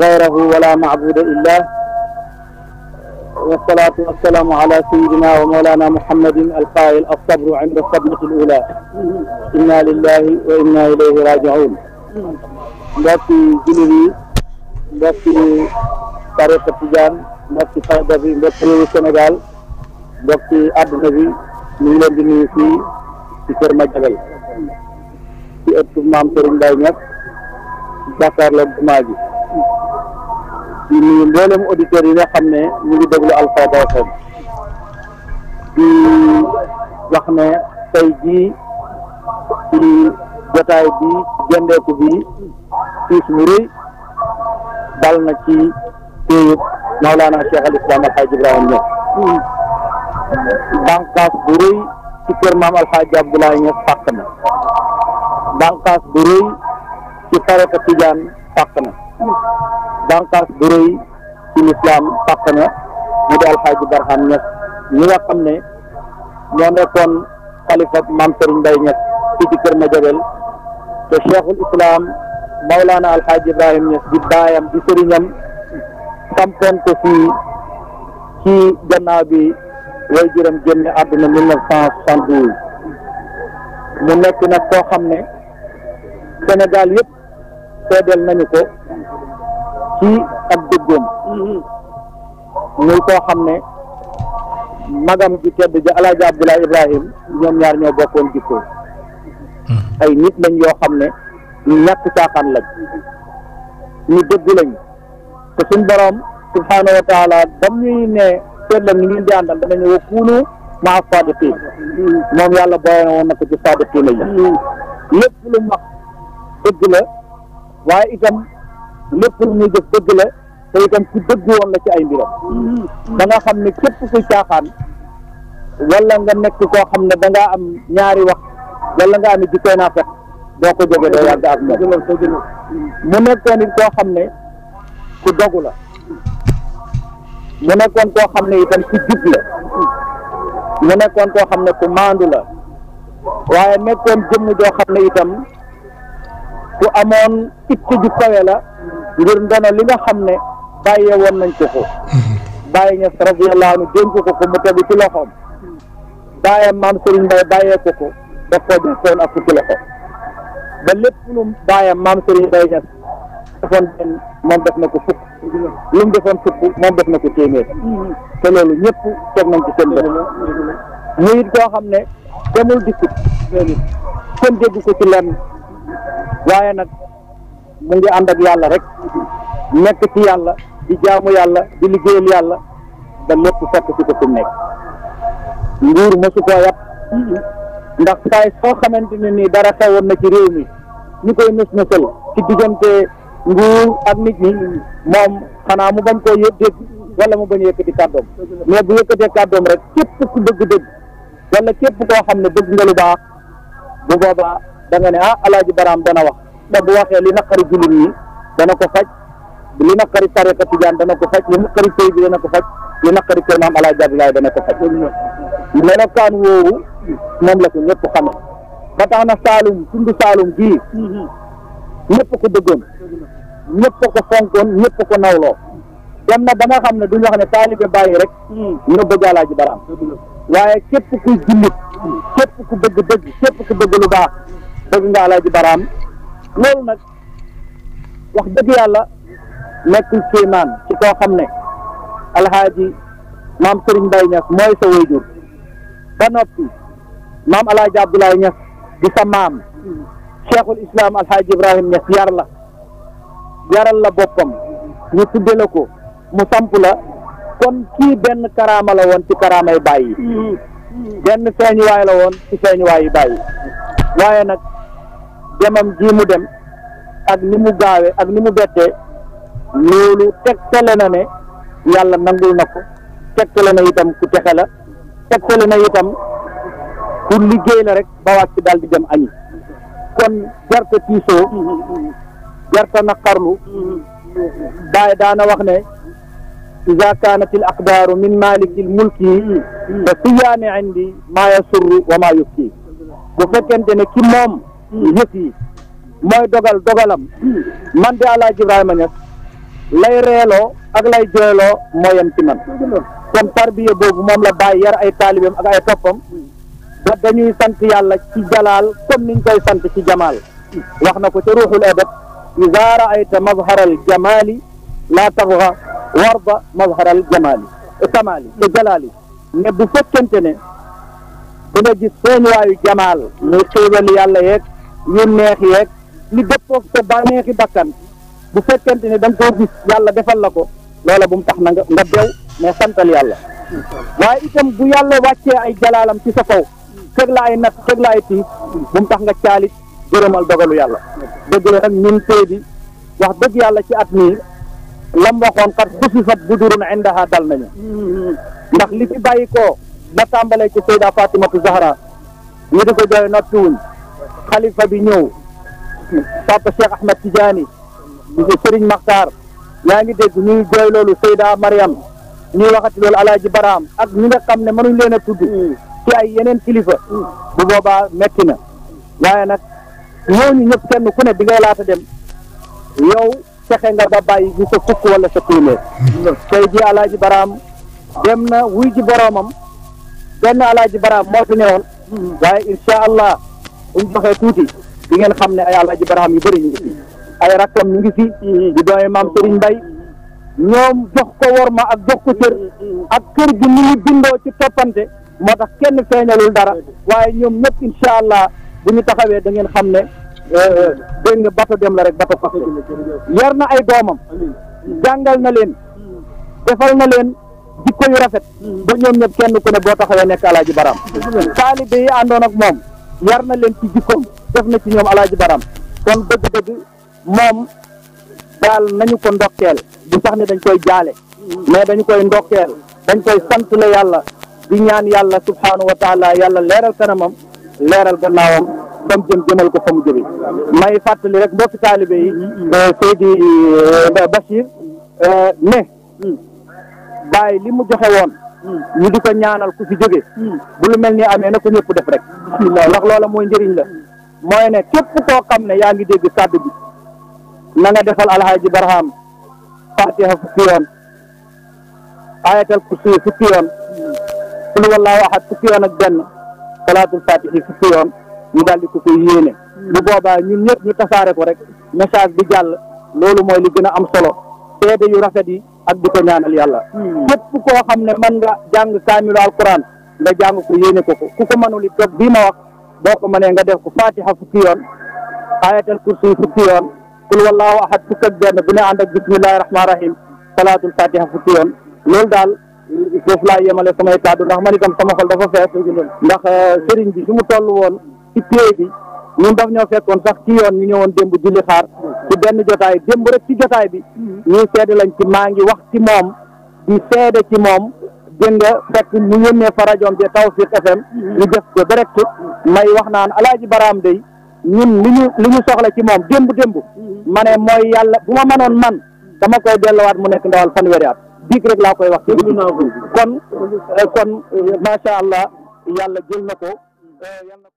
غيره ولا معبود إلا والصلاة والسلام على سيدنا ومولانا محمد القائل الصبر عند الصدمة الأولى إنا لله وإنا إليه راجعون لكي جنبي لكي طريق جان لكي فائدة في لكي السنغال لكي عبد النبي من لندن في في كرم في أبتو مام كرم دايمك jàkkaarloog jumaa ji di nuyu mboolem auditeurs yi nga xam ñu ngi déglu Alpha Baaxoon di wax ne tey jii di jotaay bi gendeeku bi siis mu rëy dal na ci téyub Mawlaana Cheikh al Islam Alxaaj Ibrahima Ñas bànqaas bu rëy ci kër maam Alxaaj Abdoulaye Ñas fàq na bànqaas bu rëy ci farata tijaan fàq na bànqaas bu rëy ci lislaam fàq na mu di alxaaji barxam ñes ñi nga xam ne ñoo nekkoon xalifa maam sëriñ mbay ñes fii ci kër ma jabel te cheikhul islam mawlaana alxaaji ibrahim ñes di di sëriñam sampoon ko fii ci gannaaw bi way jërëm génne àdduna mu nekk nag koo xam ne Sénégal yëpp seedeel nañu ko ci ak dëggoom muy koo xam ne magam ji tedd ja alaaji Abdoulaye Ibrahim ñoom ñaar ñoo bokkoon jikko ay nit lañ yoo xam ne ñu ñàkk caaxaan lañ ñu dëgg lañ te suñ borom subhaanahu wa taala dam ñuy ne lañ ñu ngeen di àndal danañu wa kuunu maa saadiqiin yàlla booyoon woon na ko ci saadiqiin yi lépp lu mag dëgg la waaye itam lépp muy def dëgg la te itam ci dëgg woon la ci ay mbiram mm-hmm. da nga xam ne képp kuy caaxaan wala nga nekk koo xam ne da am ñaari wax wala nga am it jikkoy naa fekk doo ko jóge doo yàgg ak moom mu nekkoon it koo xam ne ku dogu la mu nekkoon koo xam ne itam ku jub la mu nekkoon koo xam ne ku maandu la waaye nekkoon jëmm joo xam ne itam ku amoon itti ju kawe la ngir ndono li nga xam ne bàyyee woon nañ ko ko bàyyi ñes radiyallahu anhu dénk ko ko mu tegu ci loxoom bàyyam maam Serigne Mbaye bàyyee ko ko daf koo joxoon ak ci loxo ba lépp lu bàyyam maam Serigne Mbaye ñes moom def na ko fukk lu defoon fukk moom def na ko téeméer te loolu ñëpp teg nañ ci seen bët muy it koo xam ne demul dikkut kon dégg ko ci lenn waaye nag mu ngi ànd ak yàlla rek nekk ci yàlla di jaamu yàlla di liggéeyal yàlla ba lépp fekk ci ko fi nekk nguur mosu koo yàpp ndax saay soo xamante ne nii dara xewoon na ci réew mi ñu koy nës na ci diggante nguur ak nit ñi moom xanaa mu bañ koo yëg dégg wala mu bañ yëkkati kàddoom mais bu yëkkatee kàddoom rek képp ku dëgg-dëgg wala képp koo xam ne bëgg nga lu baax bu boobaa da nga ne ah alaji baram dana wax da bu waxe li naqari jullit ñi dana ko faj li naqari tariqa tijaan dana ko faj li naqari sëy bi dana ko faj li naqari kër maam alaaji abdoulaye dana ko faj melokaan woowu moom la ko ñëpp xam ba tax na saalum tund saalum gii ñëpp ko bëggoon ñëpp ko fonkon ñëpp ko nawlo dem na dama nga xam ne duñu wax ne talibé bàyyi rek ñu bëgg alaaji baram waye képp ku jullit képp ku bëgg dëgg képp ku bëgg lu baax bëgg nga alaaji baraam loolu nag wax dëgg yàlla nekkul kéemaan ci koo xam ne alhaaji maam sëriñ mbay ñas mooy sa wayjur ba noppi maam alaaji abdoulaye ñas di sa maam cheikhul islam alhaaji ibrahim ñas yar la yaral la boppam ñu tudde la ko mu samp la kon kii benn karaama la woon ci karaamay bàyyi mm-hmm. benn feeñuwaay la woon ci bàyyi waaye nag jamam ji mu dem ak ni mu gaawee ak ni mu bété lolu tegtale na ne yàlla nangul nako ko na itam ku texe la na itam ku liggéey la rek ba wàcc dal di dem añi kon jarta tiisoo jarta naqarlu baay daana wax ne إذا كانت الأقدار من مالك الملك فصيان عندي ما يسر وما يبكي وفكنت أن كم yëf moy dogal dogalam man de ala Ibrahima Niass lay rélo ak lay jëlo moyam ci man kon tarbiya bobu mom la bàyyi yar ay taalibeem ak ay topam da dañuy sant yàlla ci jalal comme niñ koy sant ci jamal waxna ko ci ruhul adab idaa raayta mazharal jamaali laa tabxa warda mazharal jamaali kamaali te jalaali ne bu fekkente ne dina gis feeñuwaayu jamaal muy xéewal yàlla yeeg yu neex yeeg li dëppoog sa bànneexi bakkan bu fekkente ne da nga koo gis yàlla defal la ko loola bu mu tax na nga nga beew mais santal yàlla waaye itam bu yàlla wàccee ay jalaalam ci sa kaw teg la ay nat teg la ay tiis bu mu tax nga caalit gërëmal dogalu yàlla dëgg la nag ñun tey wax dëgg yàlla ci at mii lam waxoon kat xusifat budurun indaha dal nañu ndax li fi bàyyi ko la tàmbalee ci Sayda Fatimatu Zahra ñu di ko jooy nottiwuñ xalifa bi ñëw papa Cheikh Ahmed Tidiane di Serigne Makhtar yaa ngi dégg ñu ngi jooy loolu Seyda Mariam ñuy waxati loolu Alaaji Baraam ak ñi nga xam ne mënuñ leen a tudd ci ay yeneen kilifa bu boobaa metti na waaye nag ñooñu ñëpp kenn ku ne bi ngay laata dem yow fexe nga ba bàyyi bi sa fukk wala sa téeméer tey ji Alaaji Baraam dem na wuy ji boroomam benn Alaaji Baraam moo fi newoon waaye incha buñ baxee tuuti di ngeen xam ne ay alaaji baraam yu bëri ñu ngi fi ay rakkam ñu ngi fi di doomi maam Serigne Mbaye ñoom jox ko worma ak jox ko cër ak kër gi ni ñu bindoo ci toppante moo tax kenn feeñalul dara waaye ñoom ñëpp incha allah bu ñu taxawee da ngeen xam ne euh, dégg nga bato dem la rek bato fas yar na ay doomam jàngal na leen defal na leen jikko yu rafet ba ñoom ñëpp kenn ko ne boo taxawee nekk alaaji baraam taalibe yi àndoon ak moom yar na leen ci jikkoom def na ci ñoom alaaji baram kon dëgg-dëgg moom daal nañu ko ndokkeel du sax ne dañ koy jaale mais dañu koy ndokkeel dañ koy sant la yàlla di ñaan yàlla subhaanahu wa taala yàlla leeral kanamam leeral gannaawam ba mu jëm jëmal ko fa mu jóge may fàttali rek mbokki taalibe yi euh, Seydi euh, Bachir euh, ne bàyyi li mu joxe woon ñu di ko ñaanal ku fi jóge hmm. bu lu mel ni amee na ko ñëpp def rek bisimilah ndax loola mooy njëriñ la mooy ne képp koo xam ne yaa ngi dégg kàddu bi na nga defal alxaaji barham fatiha fukki yoon ayatal kursi fukki yoon kul wallaahu ahad ak benn salaatul fatihi fukki yoon ñu daal di ko koy yéene bu boobaa ñun ñëpp ñu tasaare ko rek message bi jàll loolu mooy li gën a am solo seede yu rafet yi ak di ko ñaanal yàlla hmm. képp koo xam ne mën nga jàng kaamilu alquran nga jàng ko yéene ko ko ku ko mënul it toog bii ma wax boo ko mënee nga def ko fatiha fukki yoon ayatal kursi fukki yoon kul wallahu ahad fukk ak benn bu ne ànd ak bismillahi rahmaani rahim salaatul fatiha fukki yoon loolu daal foofu laa yemale samay kàddu ndax man itam sama xol dafa fees ndax euh, sëriñ bi su mu toll woon ci téye bi ñun daf ñoo fekkoon sax ci yoon ñu ñëwoon démb julli xaar ci benn jotaay démb rek ci jotaay bi ñuy seede lañ ci maa ngi wax ci moom di seede ci dégg nga fekk mu yónnee fa rajoom bi Tawfiq FM ñu def ko direct may wax naan alaaji baraam day ñun lu ñu lu ñu soxla ci moom démb démb ma ne mooy yàlla bu ma mënoon man dama koy dellowaat mu nekk ndawal fanweeri at biig rek laa koy wax kon kon macha allah yàlla jël na ko